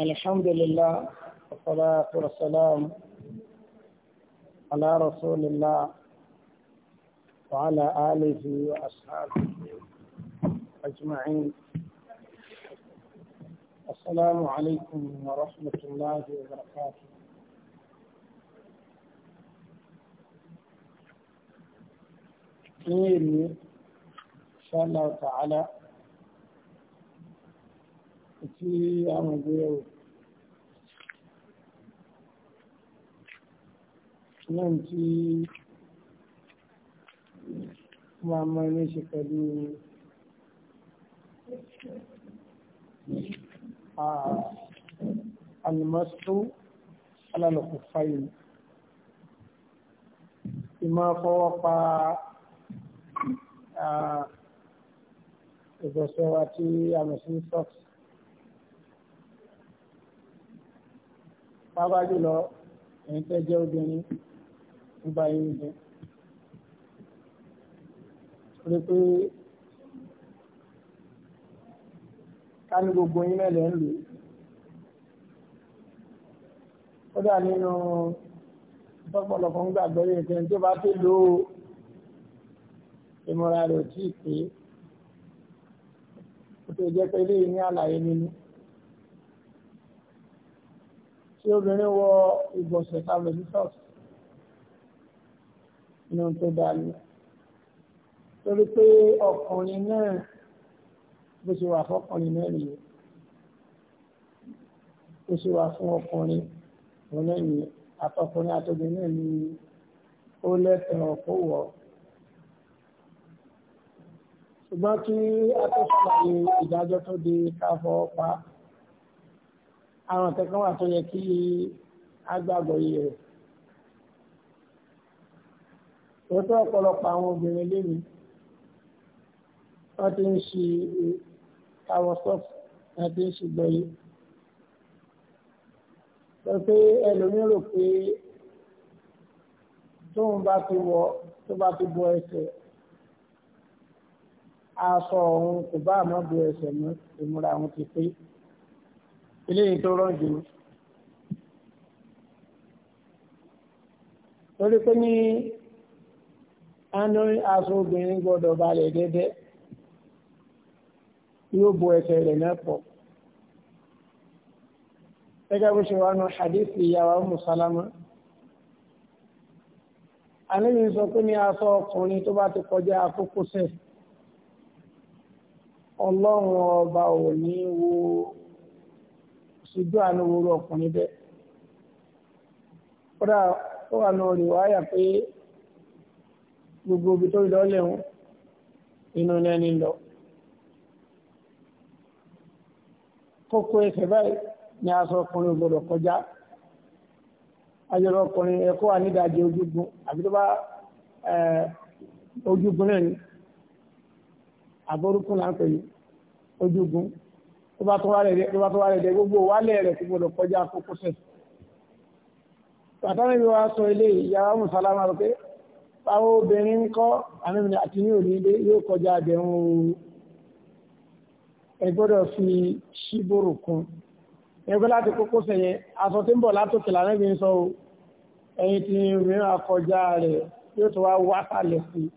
الحمد لله والصلاة والسلام على رسول الله وعلى آله وأصحابه أجمعين السلام عليكم ورحمة الله وبركاته إن شاء الله تعالى Ti àwọn ìgbéyàwó náà tí máa mọ́ ní ṣe pẹ̀lú alìmọ́sù alálọ́kù fáyé ìmọ̀ fọwọ́ pa ìgbọ̀nsẹ̀ wa tí a mọ̀ sọ́ọ̀sì pápá jùlọ ẹ̀yin tẹ́ jẹ́ obìnrin nígbà yìí jẹ́ rí pé ká ní gbogbo yín mẹ́lẹ̀ ń lò ó dà nínú ọ̀pọ̀lọpọ̀ ń gbàgbọ́ yìí kí ẹni tó bá ti lò ó rẹ̀ ò tí pé ó ti jẹ́ pé eléyìí ní àlàyé nínú tí obìnrin wọ ìbọ̀sẹ̀ tàbí jesus inú tó dání torí pé ọkùnrin náà bó ṣe wà fọkùnrin náà nìyẹn bó ṣe wà fún ọkùnrin òun náà nìyẹn àtọkùnrin àtọkùnrin náà ni ó lẹ́tọ̀ọ́ kó wọ̀ ọ́ ṣùgbọ́n kí a tó ìdájọ́ tó di káfọ́ pa àwọn kankan wà tó yẹ kí agbábọ̀ yìí rẹ̀. Òótọ́ ọ̀pọ̀lọpọ̀ àwọn obìnrin lémi wọ́n ti ń ṣe àwọn sọ́ọ̀fù wọ́n ti ń ṣe gbọ́yé. Sọ pé ẹlòmíràn rò pé tóun bá ti wọ tó bá ti bọ ẹsẹ̀ aṣọ òun kò bá àmọ́ bọ ẹsẹ̀ mọ́ ìmúra òun ti pé eléyìí tó rán jù lórí pé ní anorin aṣọ obìnrin gbọdọ̀ balẹ̀ dẹ́dẹ́ yóò bo ẹsẹ̀ rẹ̀ náà pọ̀ gẹ́gẹ́ bó ṣe wà nù hadith ìyàwó musalama àníbi sọ pé ní aṣọ ọkùnrin tó bá ti kọjá àkókò sẹ̀ ọlọ́run ọba ò ní wo. ṣùgbọ́n àánú wúrú ọkùnrin bẹ́ẹ̀. kódà ó wà pé gbogbo ibi tó lọ lẹ́hún inú lọ. kókó ẹsẹ̀ báyìí ni aṣọ ọkùnrin gbọdọ̀ kọjá ajọrọ ọkùnrin ẹ̀kọ́ wà nídàájẹ ojúgun àbí tó bá ojúgun náà ni àbórúkún là pè ní tó bá tó wá rẹ̀ dẹ̀ gbogbo wálẹ̀ rẹ̀ kò gbọdọ̀ kọjá kókó sẹ̀. bàtà níbi wa sọ ilé ìyàwó mùsàlámà rẹ̀ pé báwo obìnrin ń kọ́ àmì àti ní òní ilé yóò kọjá àdéhùn ooru ẹ gbọ́dọ̀ fi ṣíbòrò kún ẹgbẹ́ láti kókó sẹ̀ yẹn aṣọ tí ń bọ̀ látòkè lànàbí ń sọ o ẹ̀yìn tí mìíràn akọjá rẹ̀ yóò tó wá wá sálẹ̀ sí i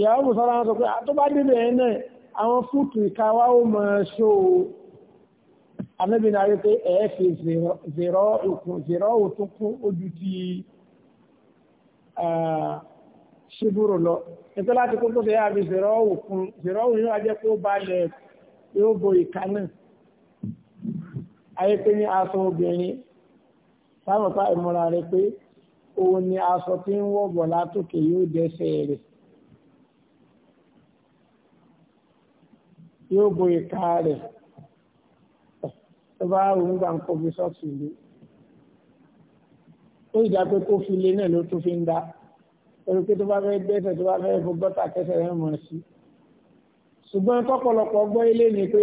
ìyàwó mùsàlámà sọ pé àtúbádébẹ̀ ah, àwọn fúùtù ìka wa ó mọ ṣó o anábìnrin ayé pé ẹ fi zèrọ òkun zèrọ òtún kún ojú ti ah, ṣíbúrò lọ nítorí láti kó tó ṣe yá fi zèrọ òkun zèrọ òkun yóò jẹ́ kó balẹ̀ yóò bo ìka náà ayé pé ní aṣọ obìnrin táwọn ọ̀tá ìmúra rẹ pé òun ni aṣọ tí ń wọ̀ bọ̀ látòkè yóò dẹ́sẹ̀ rẹ̀. yóò bo ìka rẹ̀ tó bá rò ń gbà ń kó bí sọ́ọ̀tì ìlú ó ìjà pé kó fi lé náà ló tún fi ń dá torí pé tó bá fẹ́ gbẹ́sẹ̀ tó bá fẹ́ fọ gbọ́tà kẹsẹ̀ rẹ̀ mọ̀ sí ṣùgbọ́n tọ́pọ̀lọpọ̀ gbọ́ ilé ni pé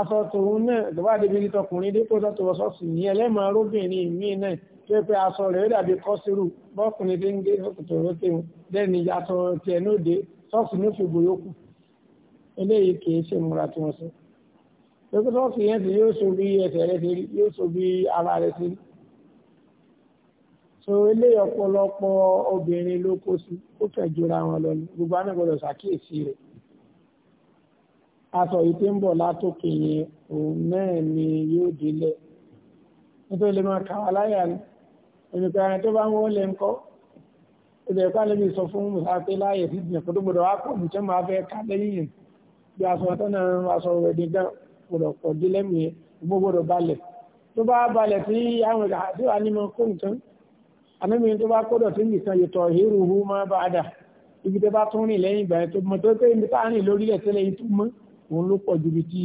aṣọ tòun náà tó bá débi tọkùnrin dípò sọ́ọ̀tì wọ sọ́ọ̀tì ní ẹlẹ́mọ̀ arúgbìnrin míì náà tó yẹ pé aṣọ rẹ̀ ó dàbí kọ́sírù bọ́ọ̀kùnrin tí ń gé sọ́kùtò rókè dẹ́ni aṣọ tiẹ̀ náà dé sọ́ọ̀tì ní ó fi gbòyókù eléyìí kì í ṣe múra tí wọ́n ṣe lókè tó fi yẹn ti yóò so bí ẹsẹ̀ rẹ̀ ṣe rí yóò so bí ara rẹ̀ ṣe rí so eléyìí ọ̀pọ̀lọpọ̀ obìnrin ló kó sí ó kẹjọra wọn lọ ní gbogbo àná gbọ́dọ̀ ṣàkíyèsí rẹ̀ aṣọ yìí tí ń bọ̀ látòkè yẹn òun náà ni yóò délẹ̀ nítorí lè máa kà wá láyà ni ènìkan ẹni tó bá ń wọlé ńkọ́ ìdẹ̀ká lè fi sọ fún musa pé láyè sí ìdìyàn kó tó gbọ́dọ̀ wá pọ̀ jù máa fẹ́ ká lẹ́yìn yẹn bí aṣọ àtọ́nà aṣọ rẹ̀ dídán gbọ́dọ̀ pọ̀ dé lẹ́mù yẹn gbọ́dọ̀ balẹ̀ tó bá balẹ̀ sí àwọn ìgbà àti wà nínú kó nǹkan àmì tó bá kódọ̀ tí nìkan yòtọ̀ ìrù hu máa bá dà ibi tó bá tún rìn lẹ́yìn ìgbà tó mọ̀ tó pé ibi táà rìn lórílẹ̀ tẹ́lẹ̀ yìí tún mọ́ òun ló pọ̀ ju ibi tí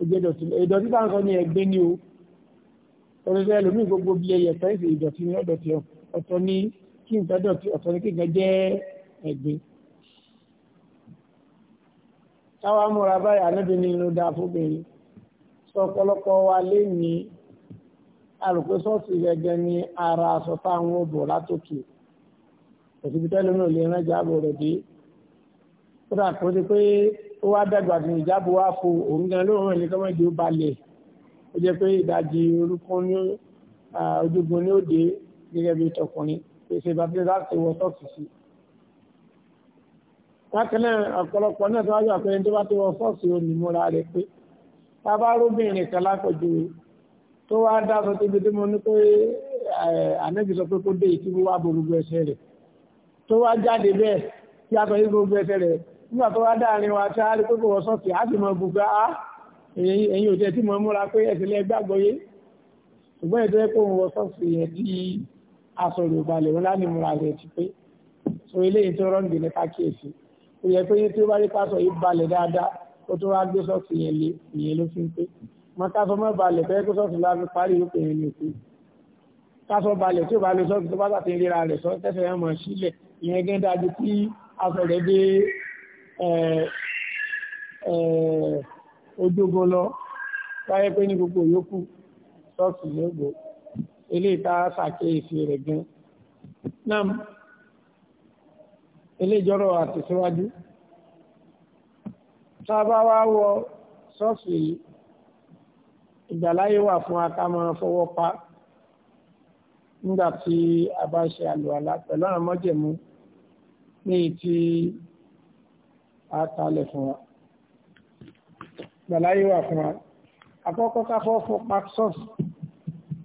ó jẹ́ dọ̀tí ìdọ̀tí táà ń sọ ní ẹgbẹ́ ni o ọ̀rẹ́sẹ̀ ẹlòmíì gbogbo bí ẹyẹ fẹ́ẹ́sì ìdọ̀tí ni ọ̀dọ̀tí ọ̀tọ̀ ní kí nǹkan dọ̀tí ọ̀tọ̀ ní kí nǹkan jẹ́ ẹgbẹ́ táwa múra báyìí anábìnrin ló dáa fóbìnrin sọ ọ̀pọ̀lọpọ̀ wa lé ní àròpé sọ́ọ̀sì gẹ́gẹ́ ní ara aṣọ táwọn òbò látòkè òsibítẹ́ lónà lè rán ìjábò rẹ̀ dé ó dà kó sí pé ó wá dàgbà ní ìjábò wá fo òun gan lóòrùn ẹni kọ́mọ́ ìdí ó balẹ̀ ó jẹ́ pé ìdajì orúkún ní ojúgun ní òde gẹ́gẹ́ bí tọkùnrin pèsè bàbá láti wọ sọ́ọ̀sì sí i bákanáà ọ̀pọ̀lọpọ̀ náà tó wájú àpẹẹrẹ tó bá tó wọ sọ́ọ̀sì ó ní múra rẹ̀ pé bàbá arúbìnrin kan lápẹjù tó wá dá sọ síbi tí mo ní pé ànẹ́bí sọ pé kó dé ìtí wá bo gbogbo ẹsẹ̀ rẹ̀ tó wá jáde bẹ́ẹ̀ tí a sọ yí gbogbo ẹsẹ̀ rẹ̀ nígbà tó wá dáàrin wa tí a rí pé kò wọ sọ́ọ̀sì á sì mọ gbogbo á ah, ẹ̀yin ò tẹ́ tí mo múra pé ẹsẹ̀ lẹ gbàgbọ́ yé ṣùgbọ́n ètò ẹ̀kọ́ òun wọ sọ́ọ̀sì yẹn tí aṣọ Yorùbá lè wọ́n múra rẹ̀ ti pé so eléyìí tó rọ́ǹgì ní kákíyèsí ó yẹ pé tí ó bá rí pásọ yìí balẹ̀ dáadáa ó tún wá gbé sọ́ọ̀sì yẹn lé ìyẹn ló fi ń pé mọ káṣọ mọ́ balẹ̀ fẹ́ kó sọ́ọ̀sì láti parí ìlúpẹ̀ yẹn ní òkú káṣọ balẹ̀ tí ó bá lè sọ́ọ̀sì tó bá sàtì ríra rẹ̀ sọ tẹ́sẹ̀ yẹn mọ̀ sílẹ̀ ìyẹn gẹ́ dájú tí aṣọ rẹ̀ dé ojógun lọ láyé pé ní gbogbo yòókù sọ́ọ̀sì yóò gbó eléyìí tá a ṣàkíyèsí rẹ̀ gan-an eléjọ́rọ̀ àtẹ̀síwájú tá a bá wá wọ ṣọ́ọ̀ṣì yìí ìgbàláyé wà fún aká máa fọwọ́ pa nígbà tí a bá ṣe àlùwàlá pẹ̀lú àwọn mọ́jẹ̀mú ní ti àtàlẹ̀ fún wa ìgbàláyé wà fún wa àkọ́kọ́ káfọ́ fún paxos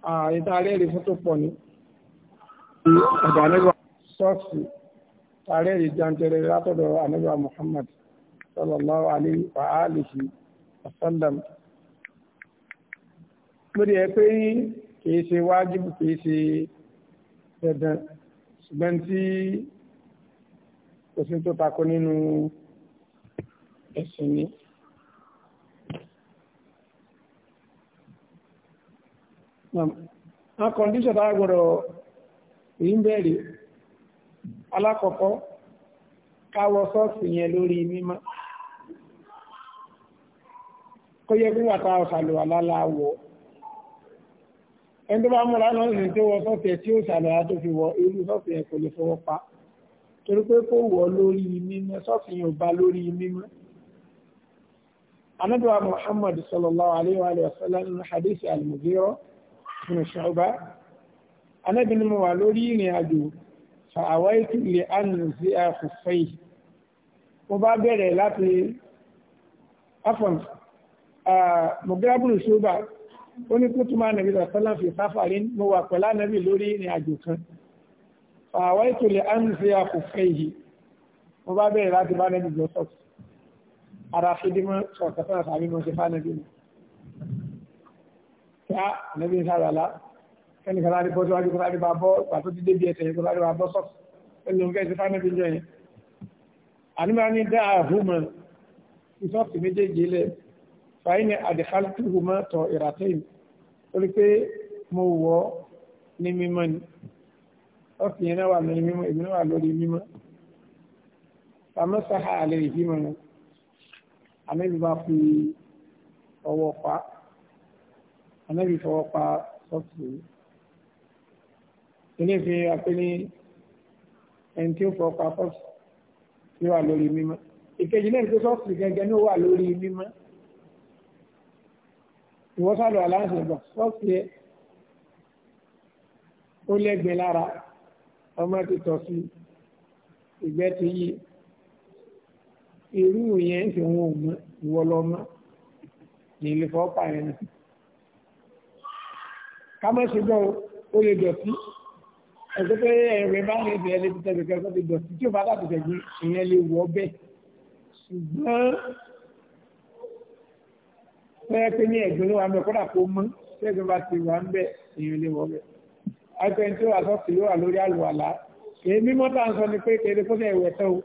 àìtàlẹ́rìí fún tó pọ̀ ní ọ̀dà nígbà ṣọ́ọ̀ṣì àrẹ́rì jàǹtẹ̀rẹ̀ látọ̀dọ̀ anábà Muhammad sallallahu alayhi wa alihi wa sallam lórí ẹ pé kìí ṣe wájìbù kìí ṣe dandan ṣùgbọ́n tí kò sí tó takò nínú ẹ̀sìn ni. Àwọn kọ̀ndíṣọ̀ tá a gbọ́dọ̀ ń bẹ̀rẹ̀ alákọ̀ọ́kọ́ káwọ sọ́ọ̀sì yẹn lórí mímọ́ kó yẹ kí wàtá ọ̀sàlù aláláwọ̀ ẹni tó bá múra náà ní tó wọ sọ́ọ̀sì ẹ̀ tí ó sàlẹ̀ á tó fi wọ irú sọ́ọ̀sì yẹn kò lè fọwọ́ pa torí pé kó wọ lórí mímọ́ sọ́ọ̀sì yẹn ò bá lórí mímọ́ anábíwá Muhammad sallallahu alayhi wa sallam nínú hadith al-Mughira nínú Shu'ba anábìnrin mo wà lórí ìrìn àjò fàáwáìtì lè ánù sí àfùfẹ́ yìí mo bá bẹ̀rẹ̀ láti afọ̀n mọ̀gírábùrù ṣúgbà ó ní kú túnmá nàbí sọ́lá fi sáfàrí mo wà pẹ̀lá nàbí lórí ìrìn àjò kan fàáwáìtì lè ánù sí àfùfẹ́ yìí mo bá bẹ̀rẹ̀ láti bá nàbí lọ sọ́ọ̀tù ara fìdímọ̀ sọ̀tẹ̀fẹ́ àfàrí mo ṣe fá mi. Kí á nàbí sára láà ẹnì kan láti bọ́ síwájú kan láti bá bọ́ pàtó ti débi ẹsẹ̀ yẹn kan láti bá bọ́ sọ́ọ̀tù ẹnì òun kẹ́sì fáńdẹ́bí jọ yẹn. àníbá ní dá àhùmọ̀ ìsọ́ọ̀tù méjèèjì lẹ̀ fàáyín ni àdìkálùtùhùmọ̀ tọ̀ ìràtẹ́yìn torí pé mo wọ̀ ní mímọ́ ni ọ̀sìn yẹn náà wà lórí mímọ́ èmi náà wà lórí mímọ́ àmọ́ sáhà àlẹ́ ìbímọ ni ànábì bá fi ọwọ́ pa ànábì fọwọ́ pa sọ́ọ̀tù yìí ilé fi apé ní ẹni tí ó fọ ọkọ afọ́sù tí ó wà lórí mímọ́ ìkejì náà tó sọ́ọ̀sì gẹ́gẹ́ ní ó wà lórí mímọ́ ìwọ́ sálọ aláǹsì bọ̀ sọ́ọ̀sì ẹ ó lẹ́gbẹ̀ẹ́ lára ọmọ ti tọ̀ sí ìgbẹ́ ti yí irú yẹn fi wọn ò mọ ìwọ lọ mọ yẹn náà ká má ó lè dọ̀tí ẹ̀sẹ̀ pé ẹ̀rẹ̀ bá ń rìn ẹ̀lẹ́ ti tẹ̀lé kẹ́kọ́ ti dọ̀tí tí ó bá dàbí tẹ̀gbìn ìyẹn lè wọ́ bẹ́ẹ̀ ṣùgbọ́n bẹ́ẹ̀ pé ní ẹ̀gbìn ló wà ń bẹ̀ kódà kó mọ́ tẹ́gbìn bá ti wà ń bẹ̀ ìyẹn lè wọ́ bẹ́ẹ̀. akẹ́ni tí ó wà sọ́ọ̀sì ló wà lórí àlùwàlá èyí mímọ́ tá à ń sọ ni pé kéde kó sẹ̀wẹ̀ tán o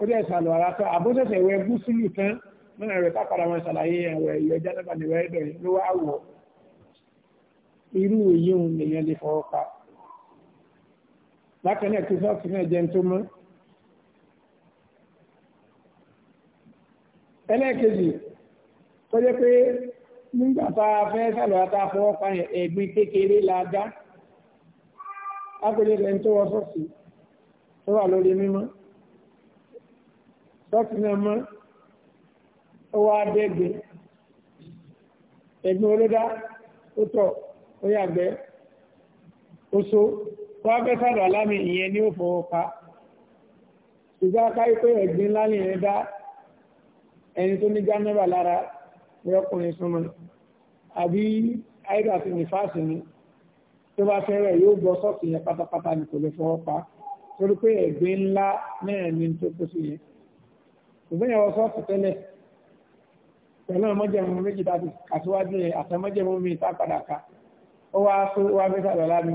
ó dẹ̀ sàlùwàlá tán àbóṣẹ̀sẹ̀ wẹ gúúsùlù tán mọ́nà rẹ̀ tápàdà wọn ṣàlàyé ẹ̀wẹ̀ ìyọ̀ jáde bá ní wẹ́ẹ́dọ̀ yìí bákan náà kí sọ́ọ̀tì náà jẹun tó mọ́. ẹlẹ́ẹ̀kejì tó jẹ́ pé nígbà tá a fẹ́ sàlọ́ àtà fọwọ́ pa ẹ̀gbin kékeré la dá ágbélé rẹ̀ ń tó wọ sọ́ọ̀tì tó wà lórí mímọ́ sọ́ọ̀tì náà mọ́ ó wá dẹ́gbẹ́ ẹ̀gbin olódá ó tọ̀ ó yàgbẹ́ ó so tó wá fẹ́ sàdọ̀ alámi ìyẹn ni ó fọwọ́ pa ṣùgbọ́n akáyí pé ẹ̀gbin ńlá ni ẹ̀dá ẹni tó ní jánẹ́bà lára rẹ́kùnrin súnmọ́ àbí àìdà ti ní fáàsì ni tó bá fẹ́rẹ̀ yóò bọ́ sọ́ọ̀tì yẹn pátápátá ní kò lè fọwọ́ pa torí pé ẹ̀gbin ńlá náà ni tó kó sí yẹn ṣùgbọ́n ìyàwó sọ́ọ̀tì tẹ́lẹ̀ pẹ̀lú ọmọdéjẹmú méjì tàbí àtiwájú yẹn àtọmọdéjẹmú mi tá padà ká ó wá sọ wá mẹ́tàlá lámì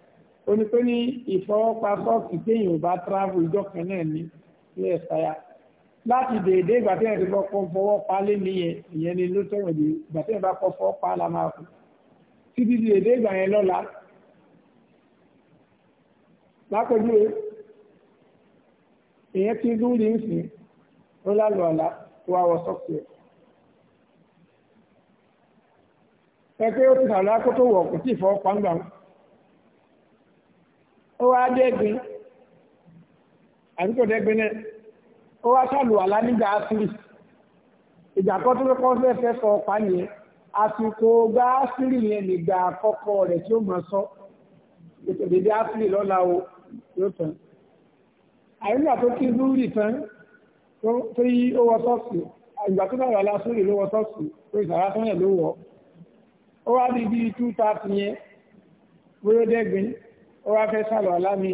ó ní pé ní ìfọwọ́pa sọ́ọ̀kì téèyàn bá tíráàbù ìjọ kan náà ní ilé ẹ̀sáyà láti dèédé ìgbà tí ẹ̀rí kọ́kọ́ fọwọ́ pa lé nìyẹn ìyẹn ni ló tẹ̀wọ̀n dé ìgbà tí ẹ̀rí bá kọ́ fọwọ́ pa la máa kú títí dèédé ìgbà yẹn lọ́la lápẹ̀jú ìyẹn ti lúrí ń sìn ó lálọ́ ọ̀la tó wá wọ sọ́ọ̀kì ẹ̀. ẹ pé ó ti sàlọ́ akótó wọ̀ kò tí ì fọwọ́ pa ń gbà wọn ó wá dẹ́gbin àdúgbò dẹ́gbin náà ó wá ṣàlùwàlá nígbà áfírì ìgbà kan tó kọ́ fẹ́ fẹ́ sọ ọ̀pá nìyẹn àsìkò gba áfírì yẹn nígbà àkọ́kọ́ rẹ̀ tí ó mọ̀ sọ ètò ìdí áfírì lọ́la o yóò tán àyíká tó kí lúrì tán tó yí ó wọ sọ́ọ̀sì ìgbà tó náà wà lásìrì ló wọ sọ́ọ̀sì tó ìsàrá tán yẹn ló wọ̀ ó wá di bíi two thirty yẹn bóyá dẹ́gbin ó wá fẹ́ sàlọ̀ alámi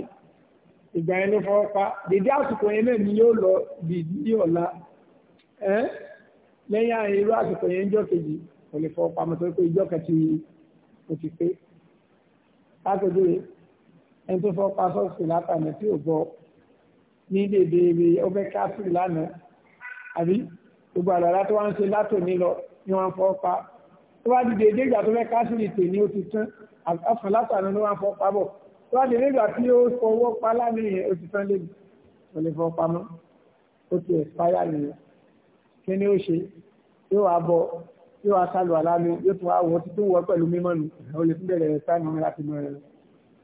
ìgbà yẹn ló fọwọ́ pa dèdé àsìkò yẹn náà ni yóò lọ dìdí ọ̀la lẹ́yìn àyè irú àsìkò yẹn ń jọ́ kejì kò lè fọwọ́ pamọ́ torí pé ìjọ kẹtì kò ti pé látọjú rẹ ẹni tó fọwọ́ pa sọ́ọ̀sì látàmì tí ò bọ ní dèdè ọbẹ̀ káfíìn lánàá àbí gbogbo àlọ́lá tó wá ń ṣe látòní lọ ni wọ́n fọwọ́ pa tó bá dìde dé ìgbà tó fẹ́ káfíìn tè ní ó ti tán àfọ̀n látàmì ló wá ń fọwọ́ pa bọ̀ wọ́n ti nígbà tí ó fọwọ́ pa lámìyàn oṣù tán lébi kò lè fọwọ́ pamọ́ ó ti ẹ̀fáyà nìyẹn kí ni ó ṣe yóò wá bọ yóò wá sálù aláàánú yóò tún wá wọ́n ti tún wọ́ pẹ̀lú mímọ́ nù ó lè tún bẹ̀rẹ̀ sáà nù láti mọ̀ ẹ̀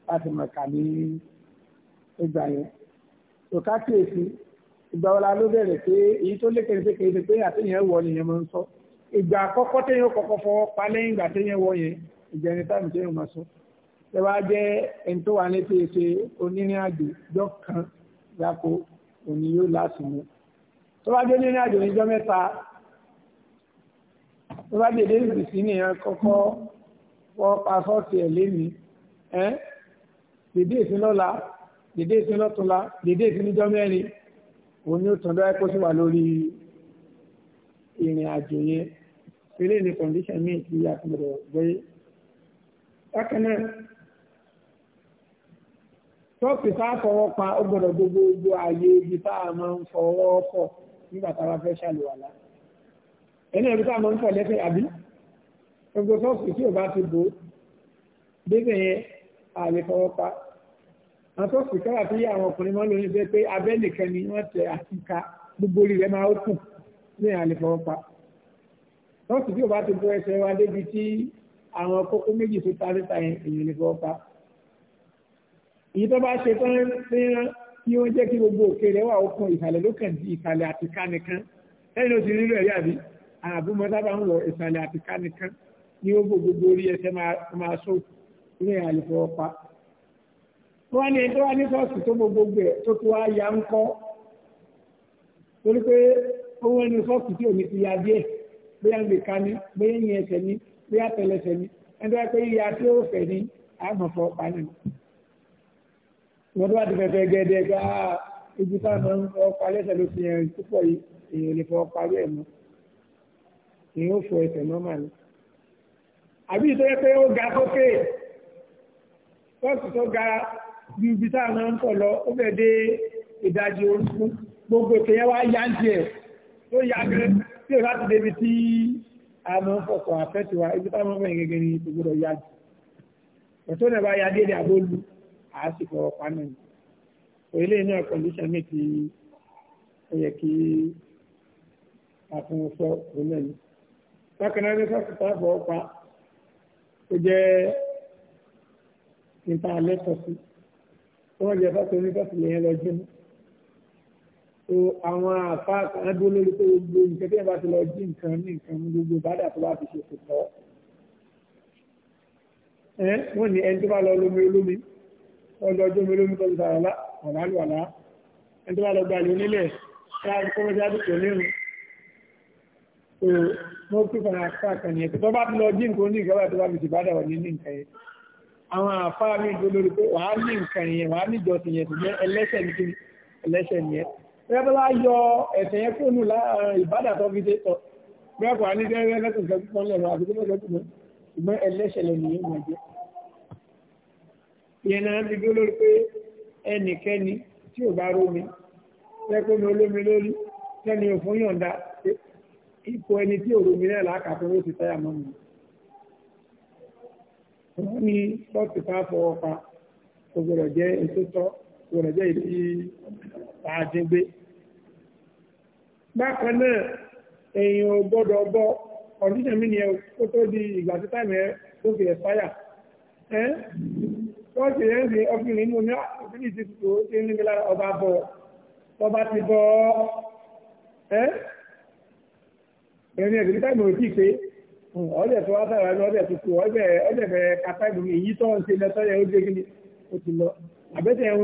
láti mọ̀ kà ní ìgbà yẹn tòká kíyèsí ìgbà ọ̀la ló bẹ̀rẹ̀ pé èyí tó lékè ṣe kèéṣe pé àtẹ̀yìn ẹ̀wọ̀ nìyẹn máa ń sọ ìgbà àkọ́kọ́ téèyàn kọ́kọ́ fọwọ́ pa lẹ́yìn ìgbà téèyàn wọ yẹn ìgbà ẹni táìmù téèyàn máa sọ ṣe wá jẹ́ ẹni tó wà létí ṣe onírìn àjò jọ kan gbáko òní yóò láti mú tó bá jẹ́ onírìn àjò níjọ́ mẹ́ta tó bá jẹ́ dénú sí nìyẹn kọ́kọ́ wọ́ pasọ́ọ̀tì ẹ̀ lémi ẹ́ dèdè ìsìn lọ́la dèdè ìsìn lọ́túnla dèdè ìsìn níjọ́ mẹ́rin òun ni ó tàn dọ́ ẹ́kọ́ sí wà lórí ìrìn àjò yẹn eléyìí ni kọ̀ǹdíṣàn míì ti yà kúndùrọ̀ gbé bákan náà ṣọ́ọ̀pì tá a fọwọ́ pa ó gbọ́dọ̀ gbogbo ààyè ibi tá a máa ń fọwọ́ pọ̀ nígbà tá a bá fẹ́ ṣàlùwàlá ẹni ẹ̀rí tá a máa ń pọ̀ lẹ́fẹ̀ẹ́ àbí gbogbo ṣọ́ọ̀pì tí ò bá ti bò ó débẹ̀ yẹn ààyè fọwọ́ pa àwọn ṣọ́ọ̀pì káwà tí yá àwọn ọkùnrin máa ń lò pé abẹ́ nìkan ni wọ́n tẹ àti ka gbogbo orí rẹ̀ máa ó kù ní ààyè fọwọ́ pa ṣọ́ọ̀pì tí ò bá ti èyí tó bá ṣe tán fi hàn kí wọ́n jẹ́ kí gbogbo òkè rẹ̀ wà okun ìsàlẹ̀ lókàn di ìsàlẹ̀ àti kánìkan lẹ́yìn oṣù nílò ẹ̀rí àbí àbúmọ̀ sábà ń wọ ìsàlẹ̀ àti kánìkan ní gbogbo gbogbo orí ẹsẹ̀ máa sọ ní àlùfọ́ pa. wọ́n ní tó wá ní sọ́ọ̀sì tó gbogbo ẹ̀ tó tó wá ya ń kọ́ torí pé owó ẹni sọ́ọ̀sì tí ò ti ya díẹ̀ bóyá ń lè ka ní bóyá ń yẹn ẹsẹ̀ ní bóyá tẹlẹsẹ̀ ní ẹni tó wá pé ìyá tí ó fẹ̀ ní àmọ̀fọ́ pa nínú wọ́n tó bá ti fẹ́fẹ́ gẹ́gẹ́ gbá ibi táwọn ń fọ́ palẹ́ ẹsẹ̀ ló fi hàn púpọ̀ yìí èèyàn lè fọ́ palẹ́ ẹ̀ mọ́ èèyàn ó fọ ẹsẹ̀ nọ́mà ni. àbí ìtọ́jú pé ó ga sókè bọ́ọ̀sì tó ga ju ibi táwọn ń fọ̀ lọ ó fẹ́ dé ìdajì orúkú gbogbo kẹyẹ wá yá ń tiẹ̀ tó yá gẹ́gẹ́ tí o láti débi tí a máa ń fọkàn àfẹ́ tiwa ibi táwọn ń fọ̀ yẹn gẹ́gẹ́ ni gbogbo yá jù. ẹ̀tọ́ náà àásìkò ọ̀pá náà orílẹ̀ ní ọ̀kọ̀ndíṣàn mi ti ó yẹ kí àfihànsọ òun náà ni bákan náà ní sọ́kùtà àbọ̀ ọ̀pá ó jẹ́ nípa lẹ́tọ̀ sí wọ́n jẹ́ fásitì onífásitì lẹ́yìn lọ́jọ́ mú so àwọn àfa àdúró lórí pé gbogbo nǹkan tí ẹ bá ti lọ jí nǹkan ní nǹkan gbogbo bàdà tó bá fi ṣe kò tọ́ ẹ wọ́n ní ẹni tó bá lọ lómi olómi ọjọ́ ọjọ́ mi lómi tọ́jú sára ọ̀làlùwàlá ẹni tó bá lọ gba ìlú nílẹ̀ láàrín kọ́mọ́sí àdìpọ̀ nírun tó mọ́ pípa àfá kan yẹn tó bá ti lọ jí nǹkan ní ìgbàlá tó bá fi tìbádà wà ní nǹkan yẹn àwọn àfá mi tó lórí pé wàá ní nǹkan yẹn wàá ní ìjọsìn yẹn tó jẹ́ ẹlẹ́sẹ̀ ní kí ẹlẹ́sẹ̀ ní ẹ bóyá tó bá yọ ẹ̀sẹ̀ yẹn kúrò nù eh, ìbádà tó fi dé tọ̀ bóyá kò wá ní dẹ́rẹ́ lẹ́sìn kẹ́kọ̀ọ́ lẹ́nu àti kí ìyẹn náà fi dúró lórí pé ẹnikẹ́ni tí ò bá rómi lẹ́kọ́ mi olómi lórí lẹ́ni òfin yọ̀ǹda ipò ẹni tí ò rómi náà lákàtọ́ ló ti táyà mọ́ mi. wọ́n ní pọ́ọ̀tù ká fọwọ́ pa kò jẹ́ ètò tọ́ jẹ́ ìdí àjẹgbé. bákan náà èèyàn ò gbọ́dọ̀ bọ́ ọ̀dún ìṣẹ̀mí ni ẹ kó tó di ìgbà tí táìmù ẹ tó fi ẹ̀ fáyà. wọ́n ṣe yẹn ṣe ọkùnrin inú ní ọkùnrin ti tó ṣe ní ọba bọ̀ ọba ti bọ̀ ẹ́ ẹ̀rin ẹ̀gbẹ̀rẹ̀ táìmù òtí pé ọdẹ tó wá sára ní tó kata ìgbìmọ̀ èyí tó ń ṣe lẹ́tọ́ yẹn ó ti lọ àbẹ́tẹ̀ ń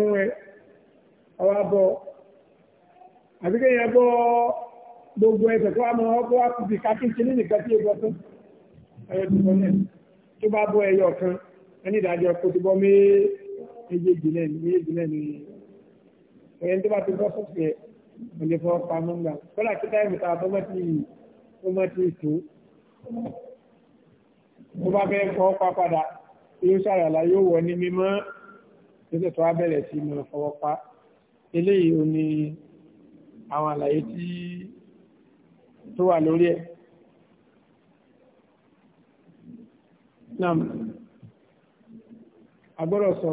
ọba gbogbo ẹsẹ̀ tó wà mọ́ ọkọ̀ wá ẹni ìdájọ́ kó ti bọ́ méjèèjì náà ní méjèèjì náà ní ẹni tó bá ti bọ́ sọ̀tì ẹ̀ mo lè fọ́ pamọ́ gbà kọ́lá kí táyà mìta tó mọ́ ti tó mọ́ ti tó tó bá fẹ́ fọ́ pa padà yóò ṣàràlà yóò wọ ní mímọ́ títí tó wá bẹ̀rẹ̀ sí mọ̀ fọwọ́ pa eléyìí ò ní àwọn àlàyé tí tó wà lórí ẹ̀. Nam agbọ́dọ̀ sọ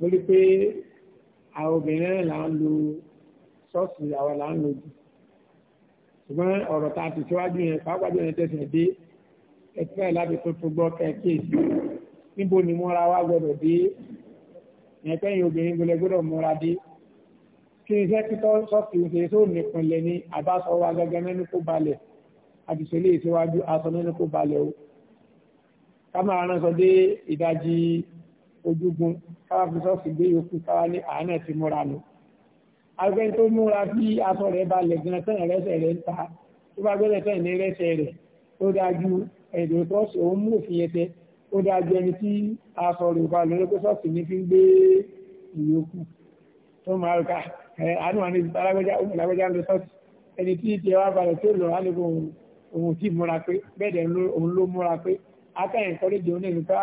lórí pé àwọn obìnrin náà là ń lo ṣọ́ọ̀ṣì àwọn là ń lo jù ṣùgbọ́n ọ̀rọ̀ tá a ti síwájú yẹn pàápàá jẹ́ tẹ̀sán dé ẹ̀tẹ́ láti tuntun gbọ́ kẹ́kẹ́sì níbo ni múra wá gbọ́dọ̀ dé yẹn pẹ́yìn obìnrin gbọ́dọ̀ gbọ́dọ̀ múra dé kí n iṣẹ́ títọ́ ṣọ́ọ̀ṣì ń ṣe tó nìpínlẹ̀ ní àbáṣọ wa gẹ́gẹ́ mẹ́nu kó balẹ̀ àdìsẹ́lẹ̀ ìṣíwájú ká máa rán sọ dé ìdajì ojúgun káwá fi sọ́ọ̀sì gbé yòókù káwá ní àánà ti múra nù. agbẹ́ni tó múra bí aṣọ rẹ̀ balẹ̀ gan tẹ̀yìn rẹ́sẹ̀ rẹ̀ ń ta tó bá gbẹ́lẹ̀ tẹ̀yìn ní rẹ́sẹ̀ rẹ̀ tó dájú ẹ̀dùn sọ́ọ̀sì òun mú òfin yẹn tẹ ó dájú ẹni tí aṣọ rẹ̀ balẹ̀ lórí pé sọ́ọ̀sì ní fi ń gbé ìyókù tó máa rẹ̀ ká àánú àni alágbèjà ń lo sọ́ọ̀sì ẹni tí ìtẹ̀wá balẹ̀ tó lọ akẹ́yìn kọ́lẹ́jì onírúkà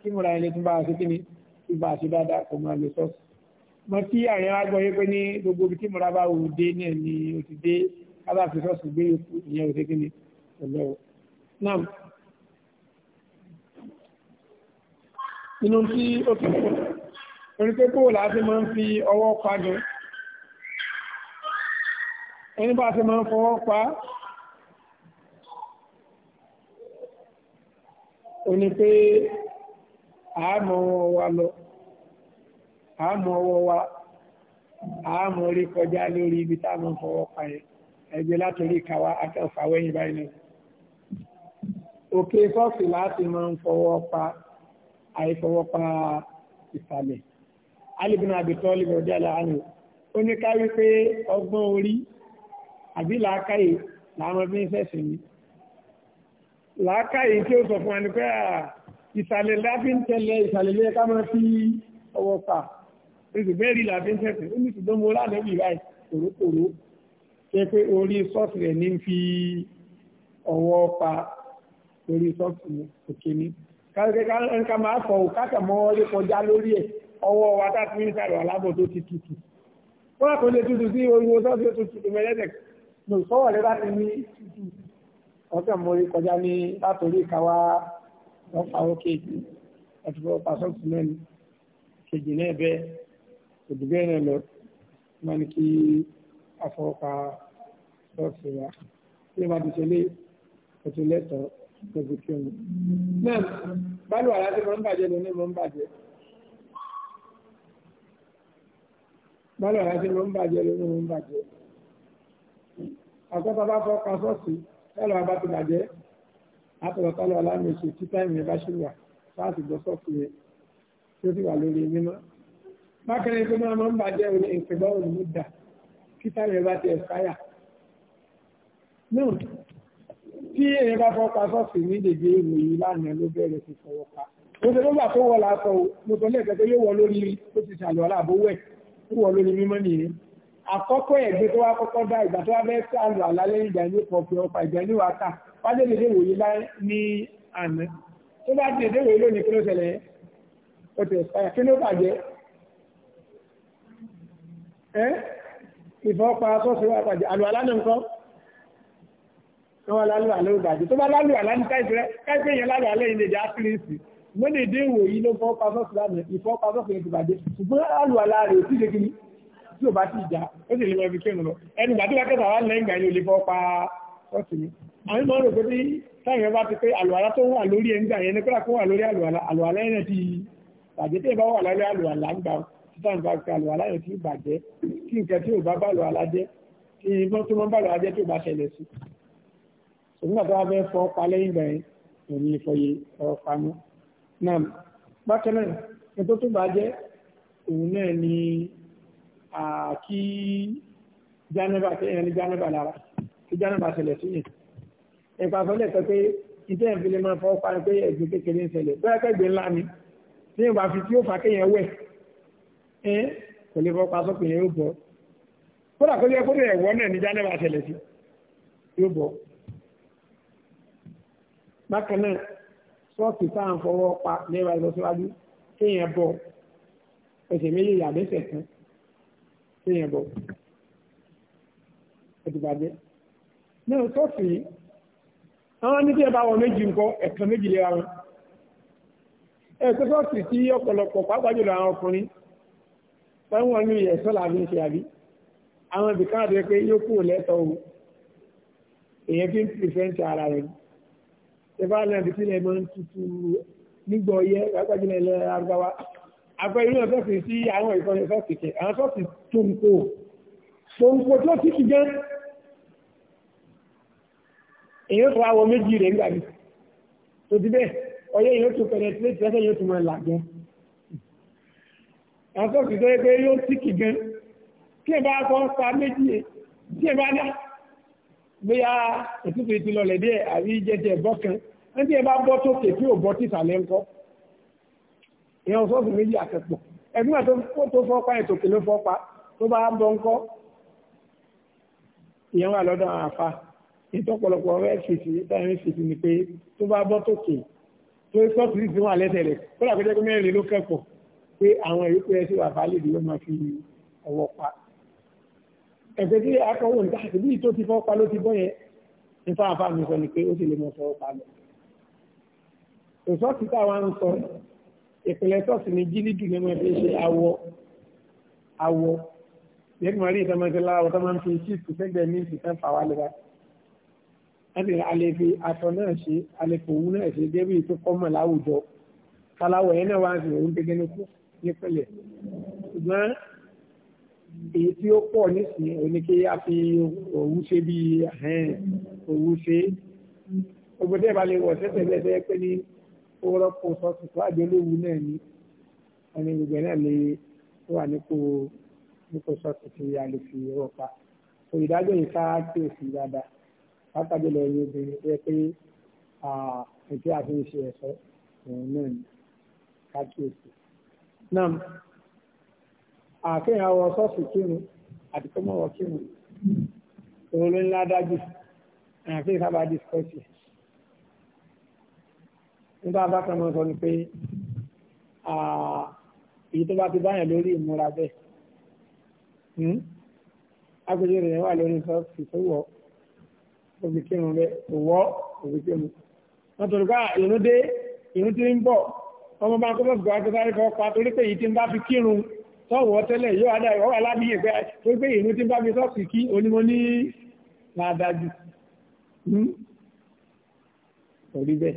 kí múra ẹni tún bá a kí ni tí bá a ṣe dáadáa kò máa lè sọ. mo tí àyàn á gbọ́ yé pé ní gbogbo ibi tí múra bá wù dé náà ni o ti dé kábà fi sọ́ọ̀sì gbé yòókù ìyẹn ò ṣe kí ni ọ̀lẹ́ o. náà inú tí ó ti kú orí pé kó làá fi máa ń fi ọwọ́ pa gan ẹni bá a ṣe máa ń fọwọ́ pa á. ó ní pé àmọ́ ọwọ́ wa lọ àmọ́ ọwọ́ wa àmọ́ orí kọjá lórí ibi táwọn fọwọ́ pa yẹn ẹgbẹ́ látòrí ìkàwá akẹ́fàwẹ́yìn báyìí náà òkè fọ́ọ̀sì láti máa ń fọwọ́ pa àìfọwọ́ pa ìsàlẹ̀ alìbìnà àbìtọ́ olùgbọ̀dẹ́ aláàánú ó ní ká ọgbọ́n orí àbí làákàyè làwọn bí ń fẹ̀sìn ní làákàyè tí ó sọ fún ẹni pé ah, ìsàlẹ̀ láfi ń tẹ̀lé ìsàlẹ̀ lẹ́yẹ ká máa fi ọwọ́ pa oṣù bẹ́ẹ̀rì láfi ń tẹ̀sẹ̀ ó ní ṣùgbọ́n mo lánàbì láì kòrókòró ṣe pé orí sọ́ọ̀sì rẹ̀ ní fi ọwọ́ pa orí sọ́ọ̀sì òkè ní ká máa fọ̀ káàkà mọ́ ọlé kọjá lórí ẹ̀ ọwọ́ wa táti ní sàrọ̀ alábọ̀ tó ti tutù wọ́n kò lè tutù sí orí sọ́ọ̀sì tó tutù mẹ́lẹ́sẹ̀ lò sọ́wọ́ rẹ̀ bá ti ní tutù wọ́n kàn mórí kọjá ní látòrí ìkáwá wọ́n fa owó kejì ẹ̀tùbọ̀ pàṣọ́ọ̀tì náà ni kejì náà bẹ́ẹ̀ òdìbẹ́ náà lọ máa ní kí afọwọ́pa ṣọ́ọ̀ṣì wa bí wọ́n ti ṣẹlẹ̀ ètò lẹ́tọ̀ọ́ lọ́sí kí wọn. náà bálùwà láti mọ̀ ń bàjẹ́ lọ ní mọ̀ ń bàjẹ́. bálùwà láti mọ̀ ń bàjẹ́ lọ ní mọ̀ ń bàjẹ́. àkọ́tà bá fọ́ pa tọ́lọ̀ wa bá ti bàjẹ́ látọ̀rọ̀ tọ́lọ̀ wa láàmì oṣù tí táìmù yẹn bá ṣì wà láti gbọ́ sọ́ọ̀kù yẹn tí ó sì wà lórí mímọ́. bákẹ́rẹ́ tó máa ń bàjẹ́ òní ìpínlẹ̀ òní mú dà kí táìmù yẹn bá ti ẹ̀sáyà. náà tí èèyàn bá fọ́ pa sọ́ọ̀kù ní dèjé ìròyìn lánàá ló bẹ̀rẹ̀ sí fọwọ́ pa. mo ṣe ló gbà tó wọ làásọ mo sọ lẹ́ẹ̀kẹ́ tó yóò wọ lórí ó ti ṣàlùwàlà àbówẹ̀ ó wọ lórí mímọ́ nìyẹn àkọ́kọ́ ẹ̀gbẹ́ tó wá kọ́kọ́ dá ìgbà tó wá fẹ́ sàlù àlálẹ́ ìgbà ní pọ̀pẹ́ ọ̀pá ìgbà ní wàtà wájẹ́ lè déwòye ní àná tó bá ti déwòye lónìí kí ló ṣẹlẹ̀ ó ti ẹ̀sà kí ló bàjẹ́ ẹ́ ìfọ́pa sọ́ọ̀sì wà bàjẹ́ àlù àlánà nǹkan tó wá lálù àlẹ́ ìbàjẹ́ tó bá lálù àlánà káìpẹ́ káìpẹ́ yẹn lálù àlẹ́ ìlẹ̀ ìjà kírísì mọ́lẹ̀ déwòye ló fọ́pa tí ò bá sí ìjà ó sì lè lọ ibi kírun lọ ẹni ìgbà tí wọ́n kẹta wà lẹ́yìn ìgbà yóò lè fọ́ pa ṣọ́ọ̀tì mi. àwọn ìmọ̀ rò pé bí táyà bá ti pé àlùwàlá tó wà lórí ẹ̀ ń gbà yẹn ní kódà kó wà lórí àlùwàlá àlùwàlá yẹn ti bàjẹ́ tí ẹ bá wà lórí àlùwàlá ń gbà títà nípa pé àlùwàlá yẹn ti bàjẹ́ kí nǹkan tí ò bá bá àlùwàlá jẹ́ kí ìbọn tó mọ́ bá àlùwàlá jẹ́ tó bá ṣẹlẹ̀ sí. òmùgbà tó wà òun náà ni kí jánẹ́bà kí ẹni jánẹ́bà lára kí jánẹ́bà ṣẹlẹ̀ sí yìí ẹ̀pà fẹ́lẹ̀ sọ pé ìtẹ́ ìfìlẹ̀ máa fọ́ parí pé ẹ̀gbẹ́ kékeré ń ṣẹlẹ̀ bẹ́ẹ̀ kẹ́gbẹ́ ńlá ni tí yóò bá fi tí ó fà kéèyàn wẹ̀ ẹ́ kò lè fọ́ pa sọ́kùn yẹn yóò bọ̀ kódà kó yẹ kó lè wọ́n náà ní jánẹ́bà ṣẹlẹ̀ sí yóò bọ̀ bákan náà sọ́ọ̀kì tá à ń fọwọ́ pa lẹ́wà ìlọsíwájú kéèyàn bọ̀ ẹsẹ̀ méjèèjì àbẹ́sẹ̀ kan kéèyàn bọ̀ ẹ̀dùbàjẹ́ náà sọ́ọ̀sì yìí àwọn níbi ẹ̀bá wọn méjì ńkọ ẹ̀kan méjì lera wọn ẹ̀kọ́ sọ́ọ̀sì tí ọ̀pọ̀lọpọ̀ pàápàá jùlọ àwọn ọkùnrin pẹ̀lú wọn ní ẹ̀sọ́ làbí ń ṣe àbí àwọn ibì kan àdúgbò pé yóò kúrò lẹ́tọ̀ o èyàn fi ń pìrìfẹ́ǹtì ara rẹ̀ ṣẹ̀fà náà ti sílẹ̀ máa ń tutù nígbọ̀ yẹ pàápàá jùlọ ilẹ̀ arúgbáwá àgbẹ̀ ilé ọ̀sọ́sì sí àwọn ìkọ̀lẹ̀ sọ́sì kẹ àwọn sọ́sì tó ń kó tó ń kó tó títí gẹ́ èyàn tó àwọ̀ méjì rẹ̀ nígbà mi tó ti bẹ́ẹ̀ ọyẹ́ èyàn tó pẹ̀lẹ̀ tí lẹ́tì lẹ́sẹ̀ yóò tó máa là gẹ́ àwọn sọ́sì tó yẹ pé yóò títí gẹ́ kí ẹ bá kọ́ pa méjì tí ẹ bá dá bóyá ètùtù ìtìlọ̀lẹ̀ díẹ̀ àbí jẹ́jẹ́ bọ́ kan ẹni tí ẹ bá bọ́ tó tí ò bọ́ ìyẹn sọ́ọ̀sì méjì àtẹ̀pọ̀ ẹ̀gbọ́n tó fọ́pa ètò kìló fọ́pa tó bá bọ́ ń kọ́ ìyẹn wà lọ́dọ̀ àwọn àfa ìtọ́pọ̀lọpọ̀ ọ̀rẹ́ fèsì táyọ̀ fèsì ni pé tó bá bọ́ tókè tó sọ́ọ̀sì sì wà lẹ́sẹ̀ rẹ̀ kó dà pété mẹ́rin ló kẹ́kọ̀ọ́ pé àwọn ìyókù ẹ̀ sì wà fálẹ̀ ìdílé máa fi ọwọ́ pa ẹ̀gbẹ́ tí akọ̀wò níta àti bí tó ti fọ́pa ló ti bọ́ yẹn nípa àfa mi sọ ni pé ó sì lè mọ fọ́pa lọ. òsọ́ọ̀sì táwa ń sọ ìpìlẹ̀ sọ́ọ̀sì ní jílídì ní wọ́n fi ṣe awọ awọ yẹ́n mọ̀ rí ìtọ́mọ́sí láwọ́ tó máa ń fi ṣíìtì sẹ́gbẹ̀ẹ́ ní ìsìnkán fàwa lẹ́ra láti alẹ́ fi aṣọ náà ṣe alẹ́ fòwú náà ṣe débi tó kọ́mọ̀ láwùjọ kaláwọ̀ yẹn náà wá sí òun gẹ́gẹ́ ní kú ní pẹ̀lẹ́ ṣùgbọ́n èyí tí ó pọ̀ nísìnyí oníke a fi òwú ṣe bí òwú ṣe ògbódé ó rọ́pò sọ́ọ̀tù tó àjọlówù náà ní ẹni gbogbo náà lè wà nípò nípò sọ́ọ̀tù tí a lè fi rọ̀ pa so ìdájọ́ yìí ká tí ò sí dáadáa látàgbé lọ ẹni obìnrin tó yẹ pé ètò àti ìṣe ẹ̀sọ́ òun náà ní ká tí ò sí. náà àfihàn àwọn sọ́ọ̀sì kírun àti kọ́mọ̀wọ́ kírun òun ló ń ládájú àfihàn sábà discourse nígbà bá kan mọ́ sọ ni pé èyí tó bá ti báyàn lórí ìmúra bẹ́ẹ̀ hmm? agbègbè rẹ̀ wà lórí sọ́ọ̀sì tó wọ̀ òbí kírun rẹ̀ kò wọ́ òbí kírun wọ́n tó lùkọ́ ìrún dé ìrún ti ń bọ̀ ọmọ bá kọ́ bọ́ọ̀gù akẹ́sáré kan pa torí pé èyí ti ń bá fi kírun sọ́ọ̀wọ́ tẹ́lẹ̀ yóò adá ìwọ́ wà pé torí pé ìrún ti ń bá fi sọ́ọ̀sì kí onímọ̀ ní làdájú. Orí hmm? bẹ́ẹ̀.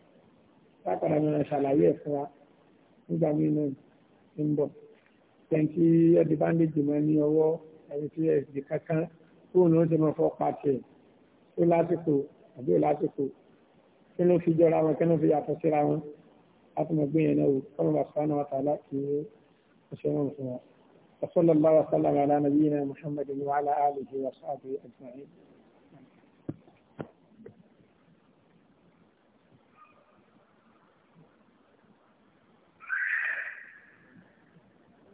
lápàdà mìíràn ṣàlàyé ẹ̀ fún wa nígbà mìíràn ń bọ̀ tẹ̀ǹtì ẹ̀dì bandage mọ́ ní ọwọ́ ẹni tí ẹ̀sì kankan fóònù ó ti mọ fọ́ pàtẹ́ ó lásìkò àbí ó lásìkò kí ló fi jọra wọn kí ló fi yàtọ̀ síra wọn láti mọ̀ gbé náà wò kọ́mọ̀ bá sọ́nà wa tààlà kì í ṣe wọn fún wa. وصلى الله وسلم على نبينا محمد وعلى اله وصحبه اجمعين